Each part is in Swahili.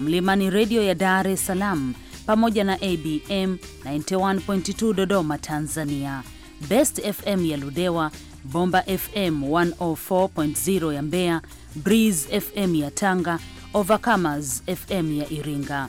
Mlimani Redio ya Dar es Salaam pamoja na ABM 91.2 Dodoma Tanzania, Best FM ya Ludewa, Bomba FM 104.0 ya Mbeya, Breeze FM ya Tanga, Overcomers FM ya Iringa,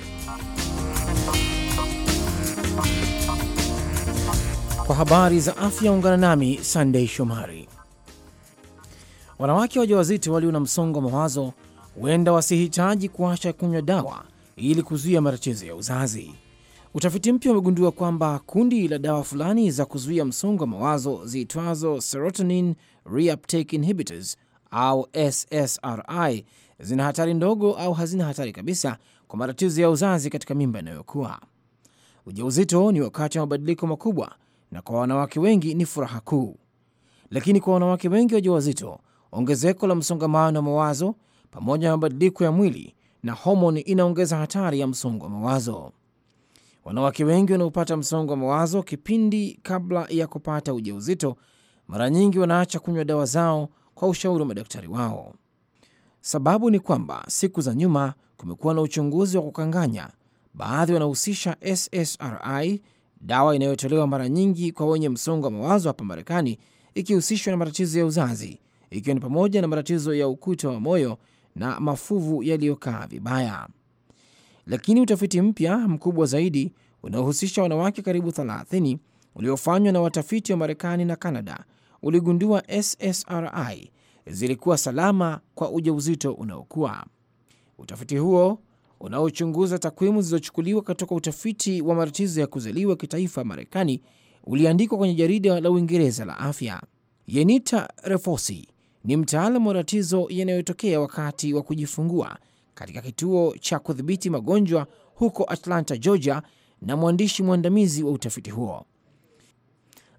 Kwa habari za afya ungana nami Sandei Shomari. Wanawake wajawazito walio na msongo wa mawazo huenda wasihitaji kuacha kunywa dawa ili kuzuia matatizo ya uzazi. Utafiti mpya umegundua kwamba kundi la dawa fulani za kuzuia msongo wa mawazo ziitwazo serotonin reuptake inhibitors au SSRI zina hatari ndogo au hazina hatari kabisa kwa matatizo ya uzazi katika mimba inayokuwa. Ujauzito ni wakati wa mabadiliko makubwa na kwa wanawake wengi ni furaha kuu. Lakini kwa wanawake wengi wajawazito, ongezeko la msongamano wa mawazo pamoja na mabadiliko ya mwili na homoni inaongeza hatari ya msongo wa mawazo. Wanawake wengi wanaopata msongo wa mawazo kipindi kabla ya kupata ujauzito mara nyingi wanaacha kunywa dawa zao kwa ushauri wa madaktari wao. Sababu ni kwamba siku za nyuma kumekuwa na uchunguzi wa kukanganya. Baadhi wanahusisha SSRI dawa inayotolewa mara nyingi kwa wenye msongo wa mawazo hapa Marekani, ikihusishwa na matatizo ya uzazi, ikiwa ni pamoja na matatizo ya ukuta wa moyo na mafuvu yaliyokaa vibaya. Lakini utafiti mpya mkubwa zaidi unaohusisha wanawake karibu 30 uliofanywa na watafiti wa Marekani na Kanada uligundua SSRI zilikuwa salama kwa ujauzito unaokuwa. Utafiti huo unaochunguza takwimu zilizochukuliwa kutoka utafiti wa matatizo ya kuzaliwa kitaifa Marekani uliandikwa kwenye jarida la Uingereza la afya. Yenita Refosi ni mtaalamu wa matatizo yanayotokea wakati wa kujifungua katika kituo cha kudhibiti magonjwa huko Atlanta, Georgia, na mwandishi mwandamizi wa utafiti huo.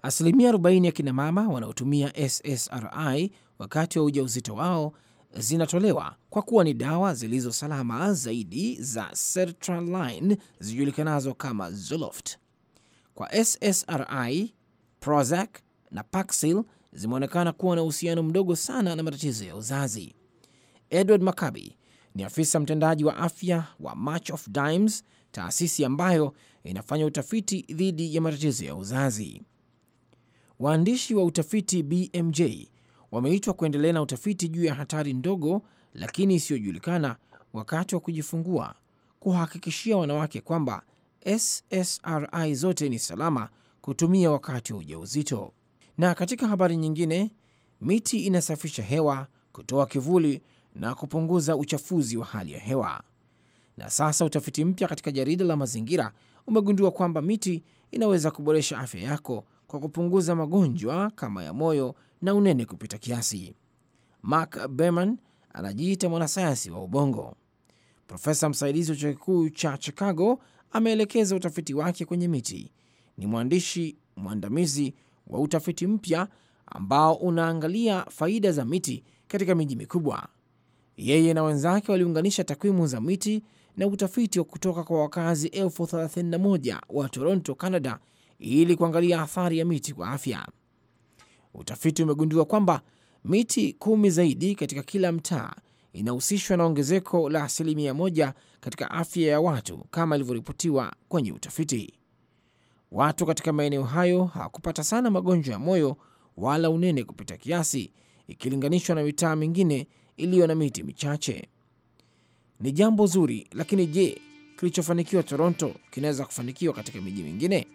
Asilimia 40 ya kinamama wanaotumia SSRI wakati wa ujauzito wao zinatolewa kwa kuwa ni dawa zilizo salama zaidi za sertraline zijulikanazo kama Zoloft. Kwa SSRI, Prozac na Paxil zimeonekana kuwa na uhusiano mdogo sana na matatizo ya uzazi. Edward Makabi ni afisa mtendaji wa afya wa March of Dimes, taasisi ambayo inafanya utafiti dhidi ya matatizo ya uzazi. Waandishi wa utafiti BMJ wameitwa kuendelea na utafiti juu ya hatari ndogo lakini isiyojulikana wakati wa kujifungua, kuhakikishia wanawake kwamba SSRI zote ni salama kutumia wakati wa ujauzito. Na katika habari nyingine, miti inasafisha hewa, kutoa kivuli na kupunguza uchafuzi wa hali ya hewa. Na sasa utafiti mpya katika jarida la mazingira umegundua kwamba miti inaweza kuboresha afya yako kwa kupunguza magonjwa kama ya moyo na unene kupita kiasi. Mark Berman anajiita mwanasayansi wa ubongo. Profesa msaidizi wa chuo kikuu cha Chicago ameelekeza utafiti wake kwenye miti. Ni mwandishi mwandamizi wa utafiti mpya ambao unaangalia faida za miti katika miji mikubwa. Yeye na wenzake waliunganisha takwimu za miti na utafiti wa kutoka kwa wakazi elfu 31 wa Toronto, Canada ili kuangalia athari ya miti kwa afya utafiti umegundua kwamba miti kumi zaidi katika kila mtaa inahusishwa na ongezeko la asilimia moja katika afya ya watu kama ilivyoripotiwa kwenye utafiti. Watu katika maeneo hayo hawakupata sana magonjwa ya moyo wala unene kupita kiasi ikilinganishwa na mitaa mingine iliyo na miti michache. Ni jambo zuri, lakini je, kilichofanikiwa Toronto kinaweza kufanikiwa katika miji mingine?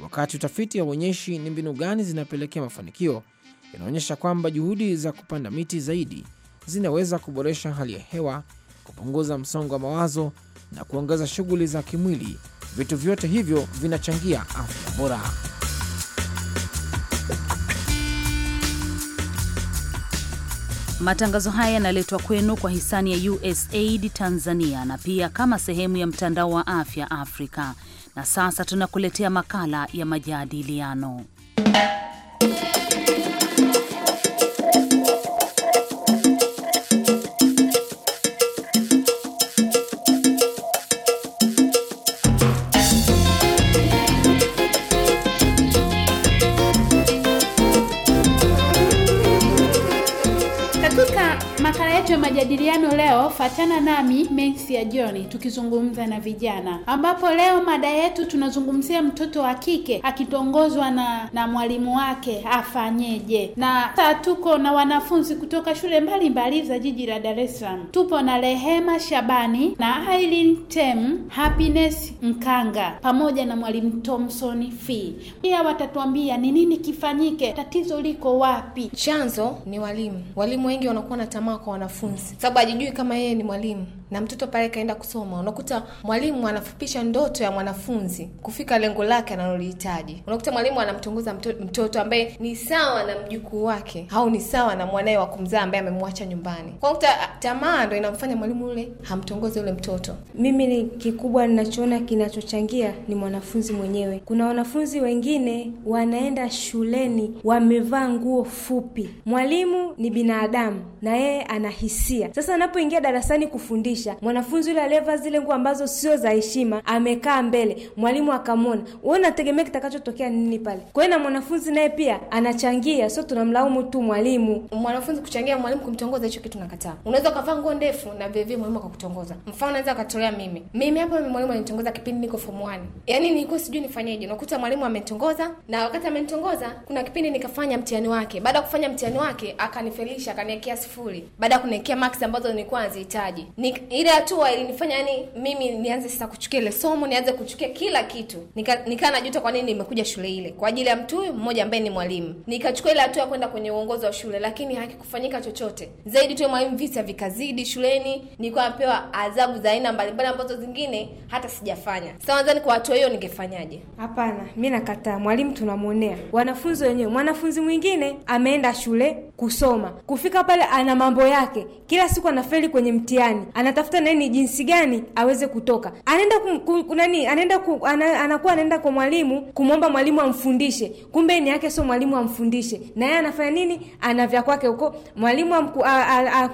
Wakati utafiti hauonyeshi ni mbinu gani zinapelekea mafanikio, inaonyesha kwamba juhudi za kupanda miti zaidi zinaweza kuboresha hali ya hewa, kupunguza msongo wa mawazo na kuongeza shughuli za kimwili. Vitu vyote hivyo vinachangia afya bora. Matangazo haya yanaletwa kwenu kwa hisani ya USAID Tanzania na pia kama sehemu ya mtandao wa afya Afrika na sasa tunakuletea makala ya majadiliano majadiliano leo, fatana nami Mensi ya John tukizungumza na vijana, ambapo leo mada yetu tunazungumzia mtoto wa kike akitongozwa na na mwalimu wake afanyeje, na sasa tuko na wanafunzi kutoka shule mbalimbali za jiji la Dar es Salaam. Tupo na Rehema Shabani na Aileen Tem, Happiness Mkanga pamoja na mwalimu Thompson Fee. Pia watatuambia ni nini kifanyike, tatizo liko wapi? Chanzo ni walimu. Walimu wengi wanakuwa na tamaa kwa wanafunzi kazi, sababu ajijui kama yeye ni mwalimu na mtoto pale kaenda kusoma. Unakuta mwalimu anafupisha ndoto ya mwanafunzi kufika lengo lake analolihitaji. Unakuta mwalimu anamtongoza mtoto, ambaye ni sawa na mjukuu wake au ni sawa na mwanaye wa kumzaa ambaye amemwacha nyumbani. Unakuta tamaa ndo inamfanya mwalimu yule hamtongoze yule mtoto. Mimi ni kikubwa ninachoona kinachochangia ni mwanafunzi mwenyewe. Kuna wanafunzi wengine wanaenda shuleni wamevaa nguo fupi. Mwalimu ni binadamu na yeye anahisi kupitia Sasa anapoingia darasani kufundisha, mwanafunzi yule aliyevaa zile nguo ambazo sio za heshima amekaa mbele, mwalimu akamwona, wewe unategemea kitakachotokea nini pale? Kwa hiyo na mwanafunzi naye pia anachangia, sio tunamlaumu tu mwalimu. Mwanafunzi kuchangia mwalimu kumtongoza, hicho kitu nakataa. Unaweza ukavaa nguo ndefu na vile mwalimu akakutongoza. Mfano naweza akatolea mimi, mimi hapa mwalimu alinitongoza kipindi niko fomuani 1, yaani nilikuwa sijui nifanyeje, nakuta mwalimu amenitongoza, na wakati amenitongoza, kuna kipindi nikafanya mtihani wake. Baada ya kufanya mtihani wake, akanifelisha, akaniekea sifuri. Baada ya kuniekea marks ambazo nilikuwa nazihitaji. Ni, ile hatua ilinifanya yani mimi nianze sasa kuchukia ile somo, nianze kuchukia kila kitu. Nikaa nika najuta kwa nini nimekuja shule ile kwa ajili ya mtu mmoja ambaye ni mwalimu. Nikachukua ile hatua kwenda kwenye uongozi wa shule, lakini hakikufanyika chochote zaidi tu mwalimu, visa vikazidi shuleni, nilikuwa napewa adhabu za aina mbalimbali ambazo zingine hata sijafanya. Sasa nadhani kwa hatua hiyo ningefanyaje? Hapana, mi nakataa. Mwalimu tunamwonea, wanafunzi wenyewe. Mwanafunzi mwingine ameenda shule kusoma, kufika pale ana mambo yake kila siku anafeli kwenye mtihani, anatafuta nani jinsi gani aweze kutoka. Anaenda kum, kum, nani anaenda ku, ana, anakuwa anaenda kwa mwalimu kumwomba mwalimu amfundishe, kumbe ni yake sio mwalimu amfundishe, na yeye anafanya nini? Ana vya kwake huko, mwalimu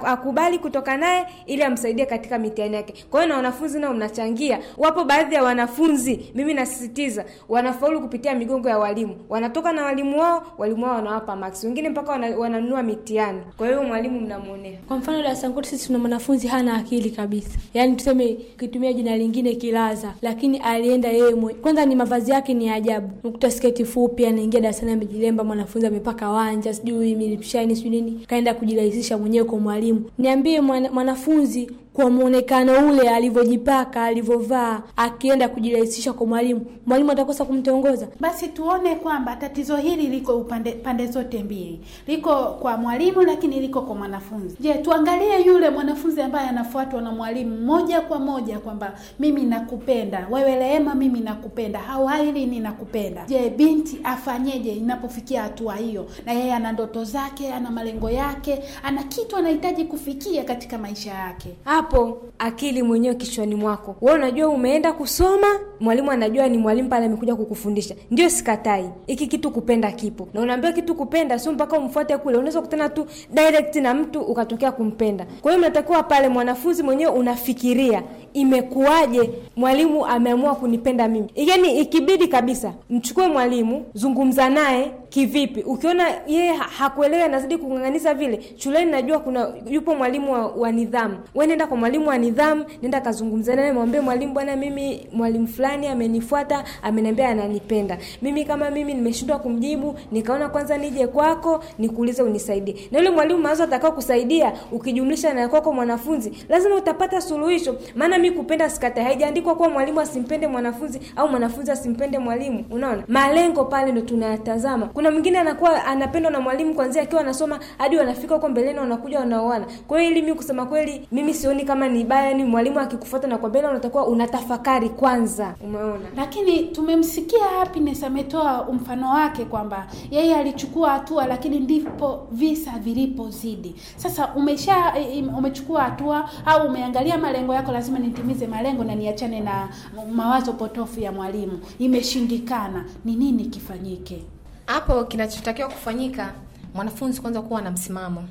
akubali kutoka naye ili amsaidie katika mitihani yake. Kwa hiyo na wanafunzi nao mnachangia. Wapo baadhi ya wanafunzi, mimi nasisitiza, wanafaulu kupitia migongo ya walimu, wanatoka na walimu wao, walimu wao wanawapa maksi, wengine mpaka wananunua mitihani. Kwa hiyo mwalimu mnamwonea kwa mfano mfano darasa kwetu sisi tuna mwanafunzi hana akili kabisa, yaani tuseme ukitumia jina lingine kilaza, lakini alienda yeye mwe. Kwanza ni mavazi yake ni ajabu, unakuta sketi fupi anaingia darasani amejilemba, mwanafunzi amepaka wanja, sijui milipshani, sijui nini, kaenda kujirahisisha mwenyewe kwa mwalimu. Niambie mwanafunzi kwa muonekano ule alivyojipaka, alivyovaa, akienda kujirahisisha kwa mwalimu, mwalimu atakosa kumtongoza? Basi tuone kwamba tatizo hili liko upande pande zote mbili, liko kwa mwalimu lakini liko kwa mwanafunzi. Je, tuangalie yule mwanafunzi ambaye anafuatwa na mwalimu moja kwa moja kwamba mimi nakupenda wewe Rehema, mimi nakupenda au ni nakupenda. Je, binti afanyeje inapofikia hatua hiyo? Na yeye ana ndoto zake, ana malengo yake, ana kitu anahitaji kufikia katika maisha yake hapo akili mwenyewe kichwani mwako. Wewe unajua umeenda kusoma, mwalimu anajua ni mwalimu pale amekuja kukufundisha. Ndio, sikatai hiki kitu, kupenda kipo, na unaambiwa kitu kupenda sio mpaka umfuate kule. Unaweza kutana tu direct na mtu ukatokea kumpenda. Kwa hiyo unatakiwa pale mwanafunzi mwenyewe unafikiria imekuwaje mwalimu ameamua kunipenda mimi. Yaani ikibidi kabisa mchukue mwalimu, zungumza naye kivipi. Ukiona yeye hakuelewa, anazidi kung'ang'aniza vile, shuleni najua kuna yupo mwalimu wa, wa nidhamu, wenenda kwa mwalimu wa nidhamu, nenda kazungumza naye, mwambie mwalimu, bwana, mimi mwalimu fulani amenifuata, ameniambia ananipenda. Mimi kama mimi nimeshindwa kumjibu, nikaona kwanza nije kwako nikuulize unisaidie. Na yule mwalimu mawazo atakao kusaidia ukijumlisha na kwako mwanafunzi, lazima utapata suluhisho. Maana mimi kupenda sikata, haijaandikwa kuwa mwalimu asimpende mwanafunzi au mwanafunzi asimpende mwalimu. Unaona, malengo pale ndo tunayatazama. Kuna mwingine anakuwa anapendwa na mwalimu kwanza akiwa anasoma hadi wanafika huko mbeleni, wanakuja wanaoana. Kwa hiyo ili mimi kusema kweli, mimi sioni lakini kama ni baya yani mwalimu akikufuata na kwambia unatakiwa unatafakari kwanza, umeona. Lakini tumemsikia Happiness ametoa mfano wake kwamba yeye alichukua hatua, lakini ndipo visa vilipozidi. Sasa umesha umechukua hatua au umeangalia malengo yako, lazima nitimize malengo na niachane na mawazo potofu ya mwalimu, imeshindikana. Ni nini kifanyike hapo? Kinachotakiwa kufanyika, mwanafunzi kwanza kuwa na msimamo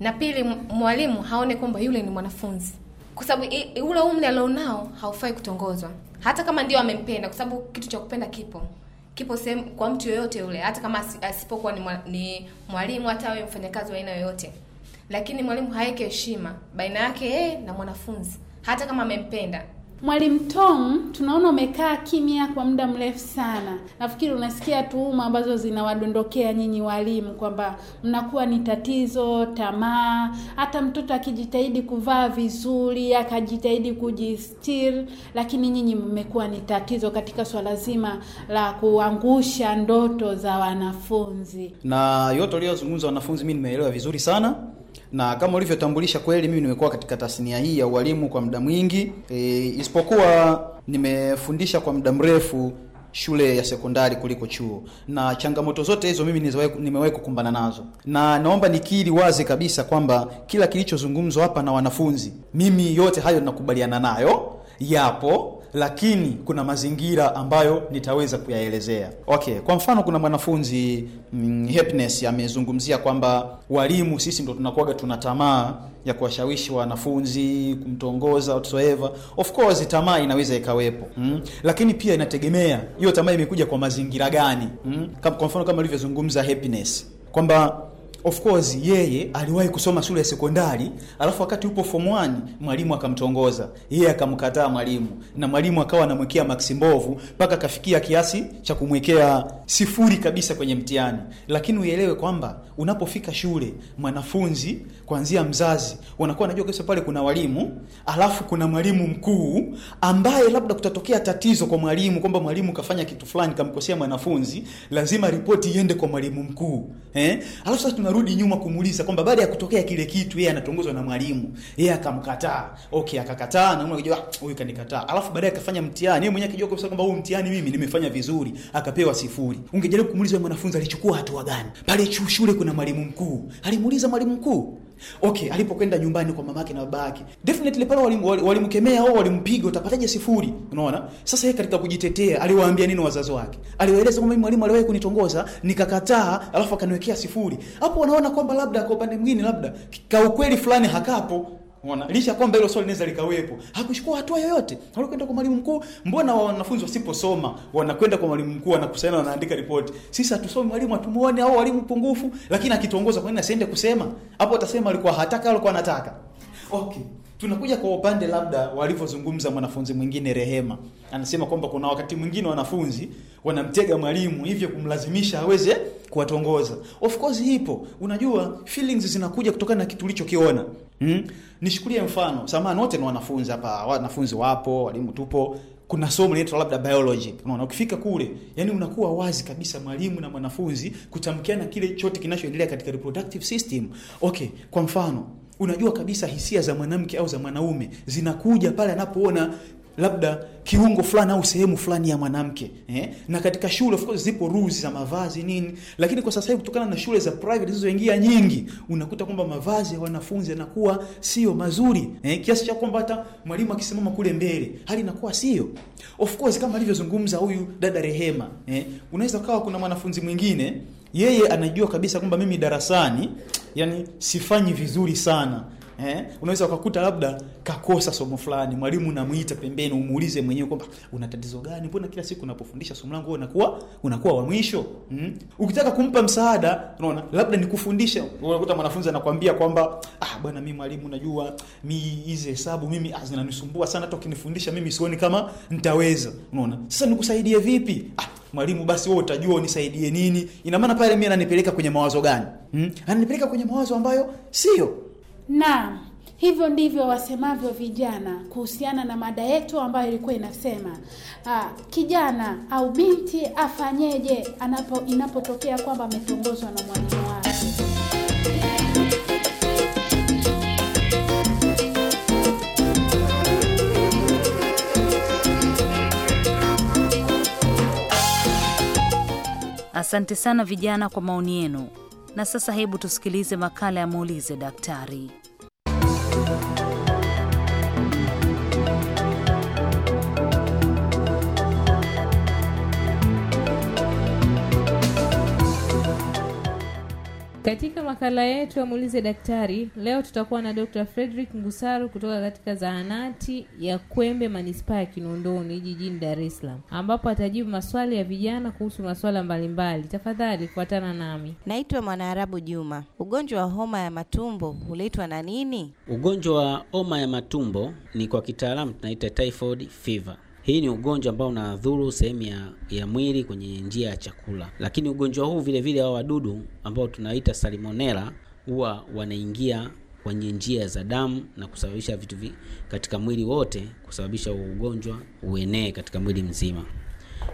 na pili, mwalimu haone kwamba yule ni mwanafunzi, kwa sababu ule umri alionao haufai kutongozwa, hata kama ndio amempenda, kwa sababu kitu cha kupenda kipo kipo sehemu kwa mtu yoyote yule, hata kama asipokuwa ni, ni mwalimu, hata awe mfanyakazi wa aina yoyote, lakini mwalimu haweke heshima baina yake yeye na mwanafunzi, hata kama amempenda Mwalimu Tom, tunaona umekaa kimya kwa muda mrefu sana. Nafikiri unasikia tuhuma ambazo zinawadondokea nyinyi walimu kwamba mnakuwa ni tatizo, tamaa. Hata mtoto akijitahidi kuvaa vizuri, akajitahidi kujistiri, lakini nyinyi mmekuwa ni tatizo katika swala zima la kuangusha ndoto za wanafunzi. Na yote uliyozungumza wanafunzi, mimi nimeelewa vizuri sana na kama ulivyotambulisha, kweli mimi nimekuwa katika tasnia hii ya ualimu kwa muda mwingi e, isipokuwa nimefundisha kwa muda mrefu shule ya sekondari kuliko chuo, na changamoto zote hizo mimi nimewahi kukumbana nazo, na naomba nikiri wazi kabisa kwamba kila kilichozungumzwa hapa na wanafunzi, mimi yote hayo nakubaliana nayo, yapo lakini kuna mazingira ambayo nitaweza kuyaelezea. Okay, kwa mfano kuna mwanafunzi mm, Happiness amezungumzia kwamba walimu sisi ndo tunakuwaga tuna tamaa ya kuwashawishi wanafunzi kumtongoza whatsoever. Of course tamaa inaweza ikawepo mm, lakini pia inategemea hiyo tamaa imekuja kwa mazingira gani mm. Kwa mfano kama alivyozungumza Happiness kwamba Of course yeye aliwahi kusoma shule ya sekondari, alafu wakati upo form 1 mwalimu akamtongoza yeye, akamkataa mwalimu, na mwalimu akawa anamwekea maksi mbovu mpaka akafikia kiasi cha kumwekea sifuri kabisa kwenye mtihani. Lakini uelewe kwamba unapofika shule, mwanafunzi kuanzia mzazi wanakuwa anajua kabisa pale kuna walimu, alafu kuna mwalimu mkuu ambaye labda kutatokea tatizo kwa mwalimu kwamba mwalimu kafanya kitu fulani kamkosea mwanafunzi, lazima ripoti iende kwa mwalimu mkuu eh, alafu sasa akarudi nyuma kumuuliza kwamba baada ya kutokea kile kitu yeye anatongozwa na mwalimu, yeye akamkataa. Okay, akakataa na unajua ah, huyu kanikataa. Alafu baadaye akafanya mtihani, yeye mwenyewe akijua kabisa kwamba huu mtihani mimi nimefanya vizuri, akapewa sifuri. Ungejaribu kumuuliza mwanafunzi alichukua hatua gani? Pale shule kuna mwalimu mkuu. Alimuuliza mwalimu mkuu, Okay, alipokwenda nyumbani kwa mamake na babake, definitely pale walimkemea au walimpiga, utapataje sifuri? Unaona, sasa yeye katika kujitetea aliwaambia nini wazazi wake? Aliwaeleza kwamba mwalimu aliwahi kunitongoza nikakataa, alafu akaniwekea sifuri. Hapo wanaona kwamba labda kwa upande mwingine, labda kaukweli fulani hakapo Unaona? Licha ya kwamba hilo swali linaweza likawepo. Hakuchukua hatua yoyote. Walikwenda kwa mwalimu mkuu, mbona wanafunzi wasiposoma wanakwenda kwa mwalimu mkuu wanakusanya wanaandika ripoti. Sisi hatusomi mwalimu atumuone au walimu pungufu, lakini akituongoza kwa nini asiende kusema? Hapo atasema alikuwa hataka alikuwa anataka. Okay. Tunakuja kwa upande labda walivyozungumza mwanafunzi mwingine Rehema. Anasema kwamba kuna wakati mwingine wanafunzi wanamtega mwalimu hivyo kumlazimisha aweze kuwatongoza. Of course ipo. Unajua feelings zinakuja kutokana na kitu ulichokiona. Mm? Nishukulie mfano, samahani wote ni wanafunzi hapa, wanafunzi wapo, walimu tupo. Kuna somo linaitwa labda biology. Unaona, ukifika kule, yani unakuwa wazi kabisa mwalimu na mwanafunzi kutamkiana kile chote kinachoendelea katika reproductive system. Okay, kwa mfano, unajua kabisa hisia za mwanamke au za mwanaume zinakuja pale anapoona labda kiungo fulani au sehemu fulani ya mwanamke eh? na katika shule of course zipo rules za mavazi nini, lakini kwa sasa hivi kutokana na shule za private zilizoingia nyingi, unakuta kwamba mavazi ya wanafunzi yanakuwa sio mazuri eh? kiasi cha kwamba hata mwalimu akisimama kule mbele hali inakuwa sio of course, kama alivyozungumza huyu dada Rehema eh? unaweza kawa kuna mwanafunzi mwingine yeye anajua kabisa kwamba mimi darasani yani sifanyi vizuri sana Eh, unaweza ukakuta labda kakosa somo fulani, mwalimu unamuita pembeni, umuulize mwenyewe kwamba una tatizo gani? Mbona kila siku unapofundisha somo langu unakuwa unakuwa wa mwisho? Mm? Ukitaka kumpa msaada, unaona labda nikufundishe, unakuta mwanafunzi anakuambia kwamba ah, bwana mimi mwalimu, najua mimi hizi hesabu mimi ah, zinanisumbua sana, hata ukinifundisha mimi sioni kama nitaweza. Unaona, sasa nikusaidie vipi? Ah, mwalimu basi wewe utajua unisaidie nini. Ina maana pale mimi ananipeleka kwenye mawazo gani? Mm? Ananipeleka kwenye mawazo ambayo sio Naam, hivyo ndivyo wasemavyo vijana kuhusiana na mada yetu ambayo ilikuwa inasema ah, kijana au binti afanyeje anapo inapotokea kwamba ametongozwa na mwalimu wake. Asante sana vijana kwa maoni yenu. Na sasa hebu tusikilize makala ya Muulize Daktari. Katika makala yetu ya muulize daktari leo tutakuwa na Dr. Frederick Ngusaru kutoka katika zahanati ya Kwembe manispaa ya Kinondoni jijini Dar es Salaam, ambapo atajibu maswali ya vijana kuhusu masuala mbalimbali. Tafadhali kuatana nami. Naitwa Mwanaarabu Juma. Ugonjwa wa homa ya matumbo huletwa na nini? Ugonjwa wa homa ya matumbo ni kwa kitaalamu tunaita typhoid fever. Hii ni ugonjwa ambao unadhuru sehemu ya, ya mwili kwenye njia ya chakula, lakini ugonjwa huu vile vile hao wadudu ambao tunaita salmonella huwa wanaingia kwenye njia za damu na kusababisha vitu vi, katika mwili wote kusababisha ugonjwa uenee katika mwili mzima.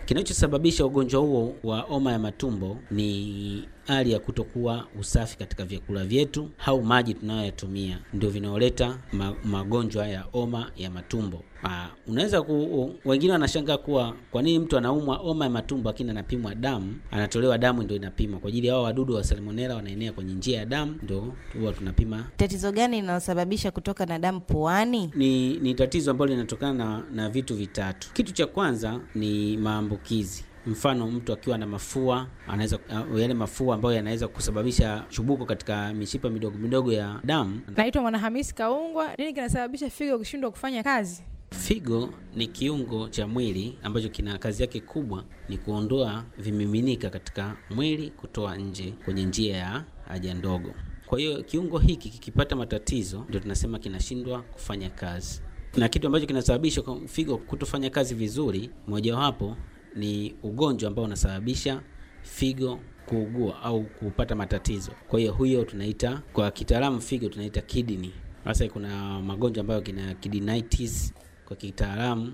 Kinachosababisha ugonjwa huo wa homa ya matumbo ni hali ya kutokuwa usafi katika vyakula vyetu au maji tunayoyatumia ndio vinaoleta ma magonjwa ya homa ya matumbo. Ah, unaweza ku, wengine wanashanga kuwa kwa nini mtu anaumwa homa ya matumbo lakini anapimwa damu, anatolewa damu ndio inapimwa kwa ajili ya hao wadudu wa salmonella wanaenea kwenye njia ya damu, ndio huwa tunapima. Tatizo gani linalosababisha kutoka na damu puani? Ni, ni tatizo ambalo linatokana na, na vitu vitatu. Kitu cha kwanza ni maambukizi Mfano, mtu akiwa na mafua anaweza uh, yale mafua ambayo yanaweza kusababisha chubuko katika mishipa midogo midogo ya damu. Naitwa Mwanahamisi Kaungwa. Nini kinasababisha figo kushindwa kufanya kazi? Figo ni kiungo cha mwili ambacho kina kazi yake kubwa ni kuondoa vimiminika katika mwili kutoa nje kwenye njia ya haja ndogo. Kwa hiyo kiungo hiki kikipata matatizo, ndio tunasema kinashindwa kufanya kazi, na kitu ambacho kinasababisha figo kutofanya kazi vizuri, mojawapo ni ugonjwa ambao unasababisha figo kuugua au kupata matatizo. Kwa hiyo huyo tunaita kwa kitaalamu figo tunaita kidney. Sasa kuna magonjwa ambayo kina kidneyitis kwa kitaalamu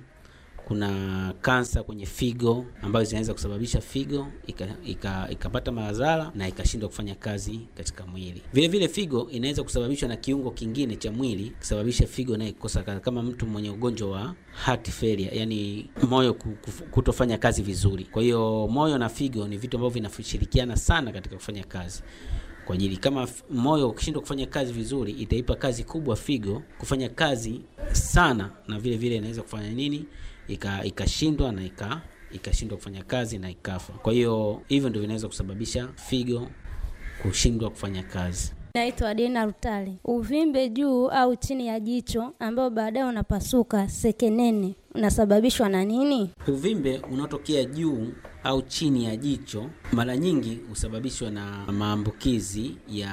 kuna kansa kwenye figo ambayo zinaweza kusababisha figo ikapata ika, ika madhara na ikashindwa kufanya kazi katika mwili. Vile vile figo inaweza kusababishwa na kiungo kingine cha mwili kusababisha figo nayo kukosa kazi, kama mtu mwenye ugonjwa wa heart failure, yani moyo kutofanya kazi vizuri. Kwa hiyo moyo na figo ni vitu ambavyo vinashirikiana sana katika kufanya kazi kwa ajili kama moyo ukishindwa kufanya kazi vizuri, itaipa kazi kubwa figo kufanya kazi sana, na vile vile inaweza kufanya nini ikashindwa ika na ikashindwa ika kufanya kazi na ikafa. Kwa hiyo hivyo ndio vinaweza kusababisha figo kushindwa kufanya kazi. Naitwa Dena Rutale. Uvimbe juu au chini ya jicho ambao baadaye unapasuka sekenene unasababishwa na nini? Uvimbe unaotokea juu au chini ya jicho mara nyingi husababishwa na maambukizi ya,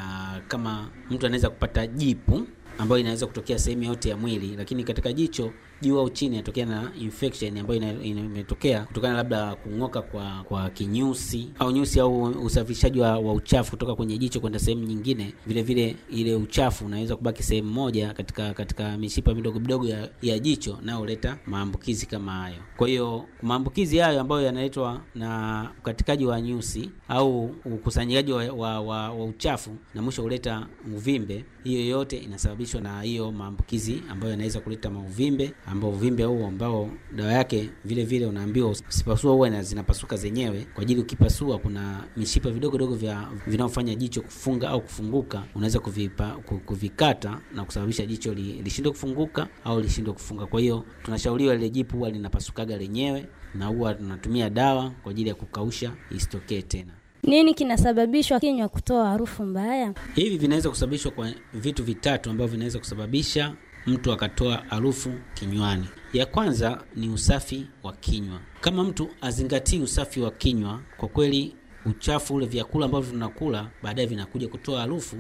kama mtu anaweza kupata jipu ambayo inaweza kutokea sehemu yote ya mwili, lakini katika jicho juu au chini inatokea na infection ambayo imetokea kutokana labda kung'oka kwa kwa kinyusi au nyusi au usafirishaji wa, wa uchafu kutoka kwenye jicho kwenda sehemu nyingine. Vile vile ile uchafu unaweza kubaki sehemu moja katika katika mishipa midogo midogo ya, ya jicho na huleta maambukizi kama hayo. Kwa hiyo maambukizi hayo ambayo yanaletwa na ukatikaji wa nyusi au ukusanyaji wa, wa, wa, wa uchafu na mwisho huleta uvimbe, hiyo yote inasababishwa na hiyo maambukizi ambayo yanaweza kuleta mauvimbe ambao uvimbe huo ambao dawa yake vile vile unaambiwa usipasua huwa zinapasuka zenyewe, kwa ajili ukipasua, kuna mishipa vidogo dogo vya vinaofanya jicho kufunga au kufunguka, unaweza kuvipa, kuvikata na kusababisha jicho li, lishindwe kufunguka au lishindwe kufunga. Kwa hiyo tunashauriwa lile jipu huwa linapasukaga lenyewe, na huwa tunatumia dawa kwa ajili ya kukausha isitokee tena. Nini kinasababishwa kinywa kutoa harufu mbaya? Hivi vinaweza kusababishwa kwa vitu vitatu ambavyo vinaweza kusababisha mtu akatoa harufu kinywani. Ya kwanza ni usafi wa kinywa. Kama mtu azingatii usafi wa kinywa, kwa kweli uchafu ule, vyakula ambavyo tunakula baadaye vinakuja kutoa harufu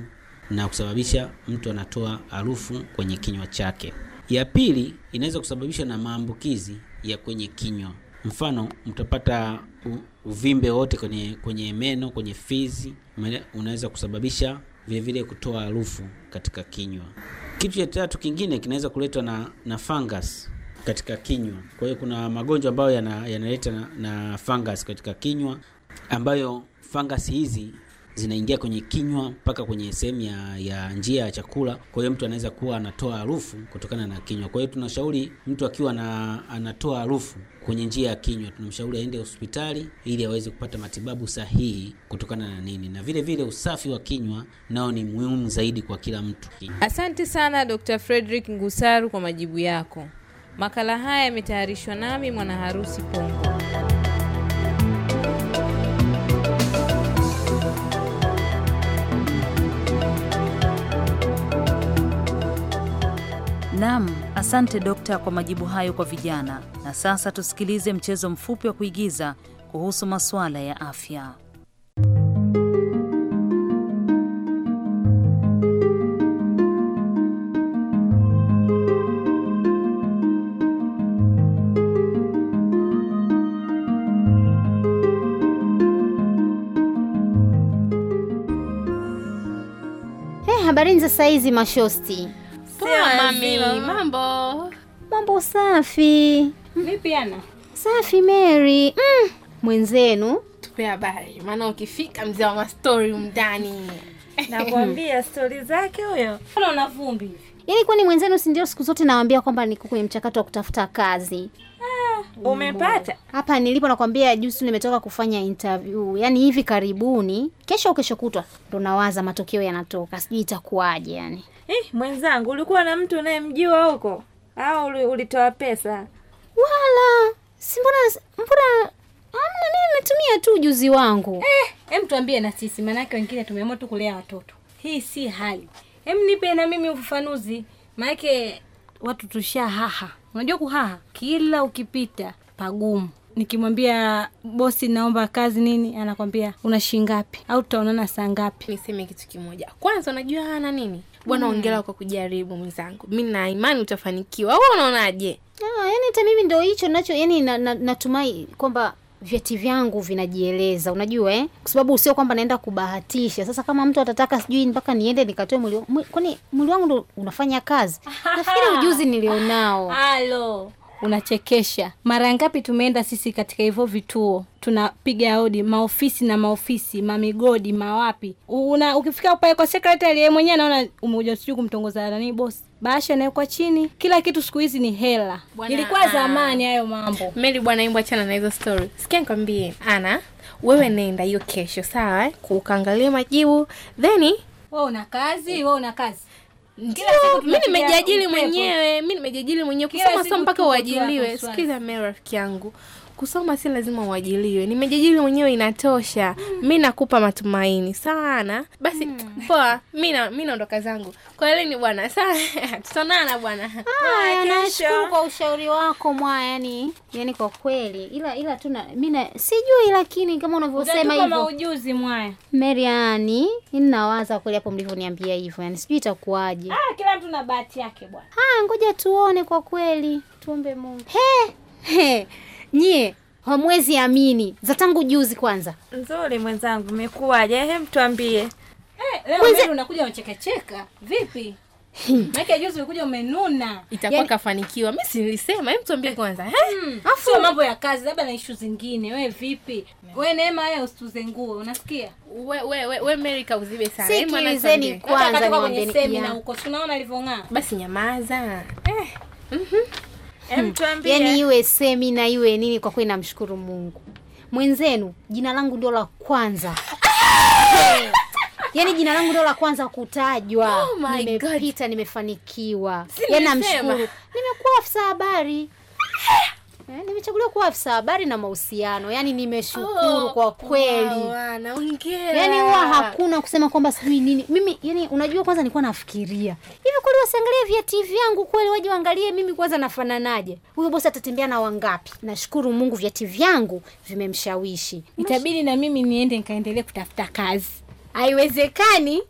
na kusababisha mtu anatoa harufu kwenye kinywa chake. Ya pili inaweza kusababisha na maambukizi ya kwenye kinywa. Mfano, mtapata uvimbe wote kwenye kwenye meno, kwenye fizi, unaweza kusababisha vilevile kutoa harufu katika kinywa. Kitu cha tatu kingine kinaweza kuletwa na, na fungus katika kinywa. Kwa hiyo kuna magonjwa ambayo yanaleta yana na, na fungus katika kinywa ambayo fungus hizi zinaingia kwenye kinywa mpaka kwenye sehemu ya, ya njia ya chakula. Kwa hiyo mtu anaweza kuwa anatoa harufu kutokana na kinywa. Kwa hiyo tunashauri mtu akiwa na, anatoa harufu kwenye njia ya kinywa, tunamshauri aende hospitali ili aweze kupata matibabu sahihi kutokana na nini, na vile vile usafi wa kinywa nao ni muhimu zaidi kwa kila mtu. Asante sana Dr. Frederick Ngusaru kwa majibu yako. Makala haya yametayarishwa nami mwana harusi Pongo. Asante dokta kwa majibu hayo kwa vijana. Na sasa tusikilize mchezo mfupi wa kuigiza kuhusu masuala ya afya. Hey, habari za saizi mashosti. Poa mami, mambo? Mambo safi. Vipi ana? Safi Mary. Mm. Mwenzenu tupe habari, maana ukifika mzee wa mastori mndani nakwambia stori zake huyo. Mbona una vumbi hivi? Yaani kwani mwenzenu si ndio siku zote nawaambia kwamba niko kwenye mchakato wa kutafuta kazi umepata hapa nilipo, nakwambia juzi nimetoka kufanya interview, yani hivi karibuni, kesho au kesho kutwa ndo nawaza matokeo yanatoka, sijui itakuwaje yani. Eh, mwenzangu, ulikuwa na mtu unayemjua huko au ulitoa pesa? Wala si mbona, mbona amna, mimi natumia tu ujuzi wangu. Eh, tuambie na sisi, maanake wengine tumeamua tu kulea watoto, hii si hali. Hem nipe na mimi ufafanuzi maanake watu tusha haha. Unajua kuhaha, kila ukipita pagumu. Nikimwambia bosi, naomba kazi nini, anakwambia una shilingi ngapi au tutaonana saa ngapi? Niseme kitu kimoja kwanza, unajua ana nini bwana. Mm. ongela kwa kujaribu mwenzangu, mi na imani utafanikiwa. Wewe unaonaje? Ah, yani hata mimi ndo hicho nacho, yani natumai na, na kwamba vyeti vyangu vinajieleza, unajua eh? Kwa sababu sio kwamba naenda kubahatisha. Sasa kama mtu atataka sijui mpaka niende nikatoe mwili, kwani mwili wangu ndo unafanya kazi? Nafikiri ujuzi nilionao. Halo unachekesha. Mara ngapi tumeenda sisi katika hivyo vituo, tunapiga hodi maofisi na maofisi, mamigodi, mawapi. Una ukifika pale kwa sekretari, yeye mwenyewe anaona umekuja sijui kumtongoza nani bosi Bahasha inawekwa chini, kila kitu siku hizi ni hela. Ilikuwa ah, zamani hayo mambo. Meli bwana, imbo achana na hizo story. Sikia nikwambie, ana wewe nenda hiyo kesho, sawa? Ukaangalia majibu, then wewe una kazi, wewe una kazi mi nimejiajili mwenyewe mi nimejiajili mwenyewe kusoma soma mpaka uajiliwe sikiza mee rafiki yangu kusoma si lazima uajiliwe, nimejijili mwenyewe inatosha. Mm. Mi nakupa matumaini sana. Basi mm. Poa, mi naondoka zangu. kwalini bwana, saa tutaonana bwana. kwa ushauri wako mwa, yani yani kwa kweli, ila ila tuna mi sijui, lakini kama unavyosema hivyo ujuzi mwaya meriani ninawaza kweli hapo mlivyoniambia hivyo, yani sijui itakuwaje. Ah, kila mtu na bahati yake bwana. Ah, ngoja tuone kwa kweli, tuombe Mungu. hey! hey! nyie hamwezi amini za tangu juzi. Kwanza nzuri mwenzangu, mmekuwaje? Hem, tuambie. Hey, eh, leo Mwenze... unakuja unachekacheka vipi? Hmm. Maana juzi ulikuja umenuna. Itakuwa yani... kafanikiwa. Mimi si nilisema, hem, tuambie eh. kwanza. Eh? Hmm. Afu sio mambo ya kazi, labda na issue zingine. Wewe vipi? Wewe Neema, haya usituzengue. Unasikia? Wewe wewe wewe Mary kauzibe sana. Sikilizeni kwanza Kwa Kwenye semina huko, tunaona alivyong'aa. Basi nyamaza. Eh. Mhm. Mm Hmm. yaani iwe semina iwe nini, kwa kweli namshukuru Mungu mwenzenu. Jina langu ndio la kwanza Yaani jina langu ndio la kwanza kutajwa. Oh, nimepita, nimefanikiwa. Yaani namshukuru, nimekuwa afisa habari Eh, nimechaguliwa kuwa afisa habari na mahusiano. yani nimeshukuru oh, kwa kweli. yani huwa hakuna kusema kwamba sijui nini. Mimi yani unajua kwanza nilikuwa nafikiria. Hivi kweli wasiangalie vyeti vyangu kweli waje waangalie mimi kwanza nafananaje? Huyo bosi atatembea na wangapi? Nashukuru Mungu vyeti vyangu vimemshawishi. Itabidi na mimi niende nikaendelee kutafuta kazi. Haiwezekani.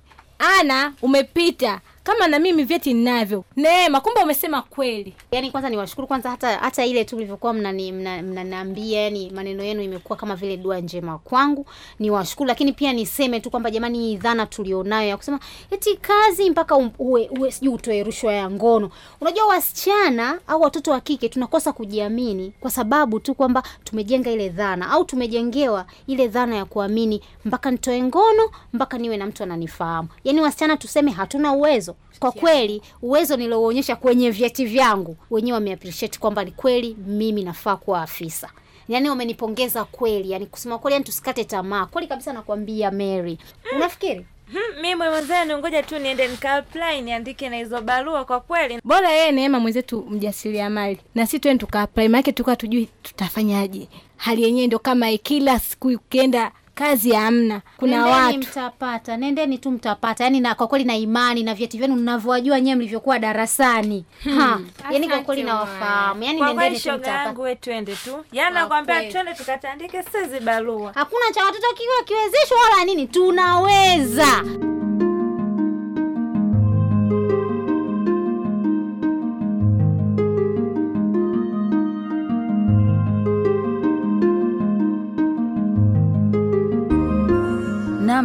Ana umepita kama na mimi vyeti ninavyo. Neema, kumbe umesema kweli. Yaani kwanza niwashukuru kwanza, hata hata ile tu mlivyokuwa mnaniambia mna, mna yani maneno yenu imekuwa kama vile dua njema kwangu. Niwashukuru, lakini pia niseme tu kwamba jamani, hii dhana tulionayo ya kusema eti kazi mpaka um, uwe, uwe sijui utoe rushwa ya ngono. Unajua wasichana au watoto wa kike tunakosa kujiamini kwa sababu tu kwamba tumejenga ile dhana au tumejengewa ile dhana ya kuamini mpaka nitoe ngono mpaka niwe na mtu ananifahamu. Yaani wasichana tuseme hatuna uwezo uwezo kwa kweli, uwezo nilouonyesha kwenye vyeti vyangu wenyewe wameappreciate kwamba ni kweli mimi nafaa kuwa afisa. Yani wamenipongeza kweli, yani kusema kweli, yani tusikate tamaa kweli kabisa, nakwambia Mary. Mm. Unafikiri? Hmm, mi mwenzenu, ngoja tu niende apply niandike na hizo barua. Kwa kweli bora yeye Neema mwenzetu mjasiriamali na si twende tukaapply, maanake tulikuwa tujui tutafanyaje. Hali yenyewe ndo kama kila siku ukienda kazi hamna, kuna nendeni watu mtapata, nendeni tu mtapata. Yani na kwa kweli na imani na vyeti vyenu mnavyojua nyewe mlivyokuwa darasani hmm. yani kwa kweli nawafahamu, yani nendeni tu mtapata, twende tu yani nakwambia, twende tukatandike sisi barua. Hakuna cha watoto kiwa kiwezeshwa wala nini, tunaweza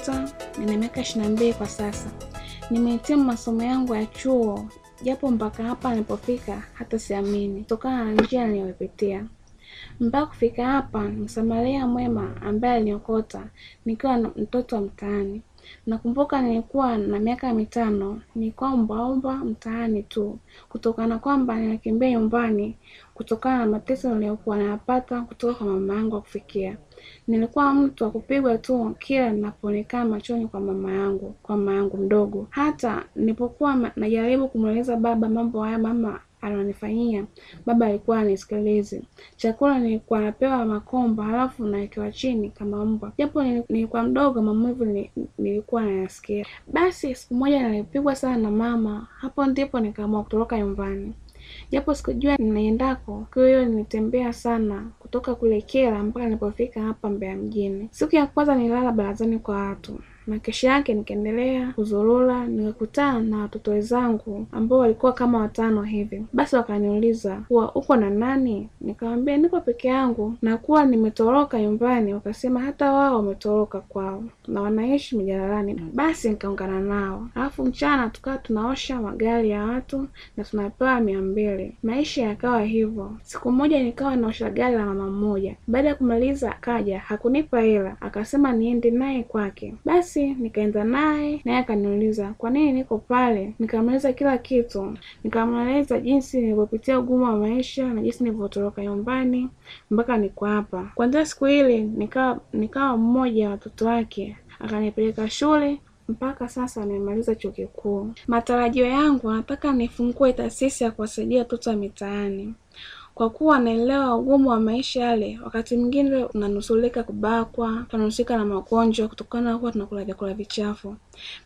Washington, nina miaka 22 kwa sasa. Nimehitimu masomo yangu ya chuo, japo mpaka hapa nilipofika hata siamini, kutokana na njia niliyopitia mpaka kufika hapa. Msamaria mwema ambaye aliniokota nikiwa mtoto wa mtaani. Nakumbuka nilikuwa na miaka mitano, nilikuwa ombaomba mtaani tu, kutokana kwamba ninakimbia nyumbani kutokana na mateso niliyokuwa nayapata kutoka kwa mama yangu wa kufikia. Nilikuwa mtu wa kupigwa tu kila ninapoonekana machoni kwa mama yangu, kwa mama yangu mdogo. Hata nilipokuwa najaribu kumweleza baba mambo haya, mama alionifanyia baba alikuwa anisikilizi. Chakula nilikuwa napewa makombo, halafu nawekewa chini kama mbwa. Japo nilikuwa mdogo, maumivu nilikuwa nayasikia. Basi siku moja nilipigwa sana na mama, hapo ndipo nikaamua kutoroka nyumbani japo sikujua ninaendako. Siku hiyo nilitembea sana kutoka kule Kela mpaka nilipofika hapa Mbeya mjini. Siku ya kwanza nililala barazani kwa watu, na kesho yake nikaendelea kuzurura, nikakutana na watoto wenzangu ambao walikuwa kama watano hivi. Basi wakaniuliza kuwa uko na nani? Nikawambia niko peke yangu na kuwa nimetoroka nyumbani. Wakasema hata wao wametoroka kwao na wanaishi mijalalani. Basi nikaungana nao, alafu mchana tukawa tunaosha magari ya watu na tunapewa mia mbili. Maisha yakawa hivyo. Siku moja nikawa naosha gari la mama mmoja. Baada ya kumaliza, akaja hakunipa hela, akasema niende naye kwake. basi basi nikaenda naye, naye akaniuliza kwa nini niko pale. Nikamweleza kila kitu, nikamweleza jinsi nilivyopitia ugumu wa maisha na jinsi nilivyotoroka nyumbani mpaka niko hapa. Kuanzia siku ile nikawa nikawa mmoja wa watoto wake, akanipeleka shule mpaka sasa nimemaliza chuo kikuu. Matarajio yangu, nataka nifungue taasisi ya kuwasaidia watoto wa mitaani kwa kuwa wanaelewa ugumu wa maisha yale. Wakati mwingine unanusulika kubakwa, tunanusulika na magonjwa kutokana na kuwa tunakula vyakula vichafu.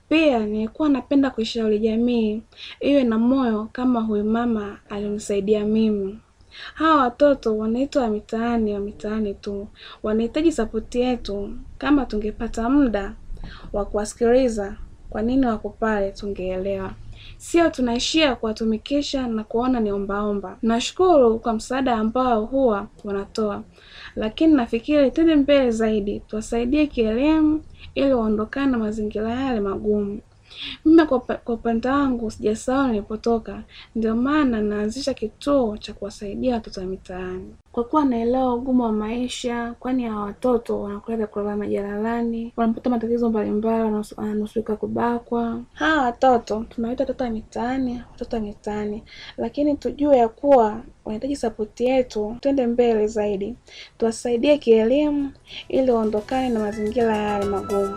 Pia nilikuwa napenda kuishauri jamii iwe na moyo kama huyu mama alimsaidia mimi. Hawa watoto wanaitwa wa mitaani, wa mitaani tu, wanahitaji sapoti yetu. Kama tungepata muda wa kuwasikiliza kwa nini wako pale, tungeelewa sio tunaishia kuwatumikisha na kuona ni ombaomba. Nashukuru kwa msaada ambao huwa wanatoa, lakini nafikiri tende mbele zaidi, tuwasaidie kielimu ili waondokane na mazingira yale magumu. Mimi kwa, kwa upande wangu sijasahau nilipotoka, ndio maana naanzisha kituo cha kuwasaidia watoto wa mitaani, kwa kuwa naelewa ugumu wa maisha, kwani hawa watoto wanakulea vyakula majalalani, wanapata matatizo mbalimbali, wananusurika kubakwa. Hawa watoto tunawaita watoto wa mitaani, watoto wa mitaani, lakini tujue ya kuwa wanahitaji sapoti yetu. Twende mbele zaidi, tuwasaidie kielimu ili waondokane na mazingira yale magumu.